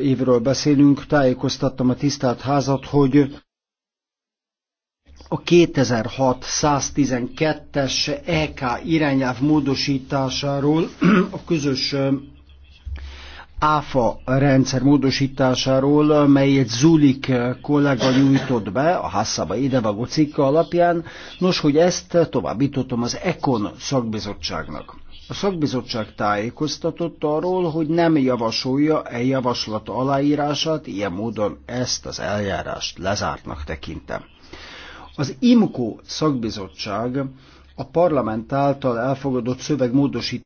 évről beszélünk, tájékoztattam a tisztelt házat, hogy a 2006 112-es EK irányelv módosításáról a közös áfa rendszer módosításáról, melyet Zulik kollega nyújtott be a Hasszaba idevagó cikke alapján, nos, hogy ezt továbbítottam az ECON szakbizottságnak. A szakbizottság tájékoztatott arról, hogy nem javasolja e javaslat aláírását, ilyen módon ezt az eljárást lezártnak tekintem. Az IMCO szakbizottság a parlament által elfogadott szöveg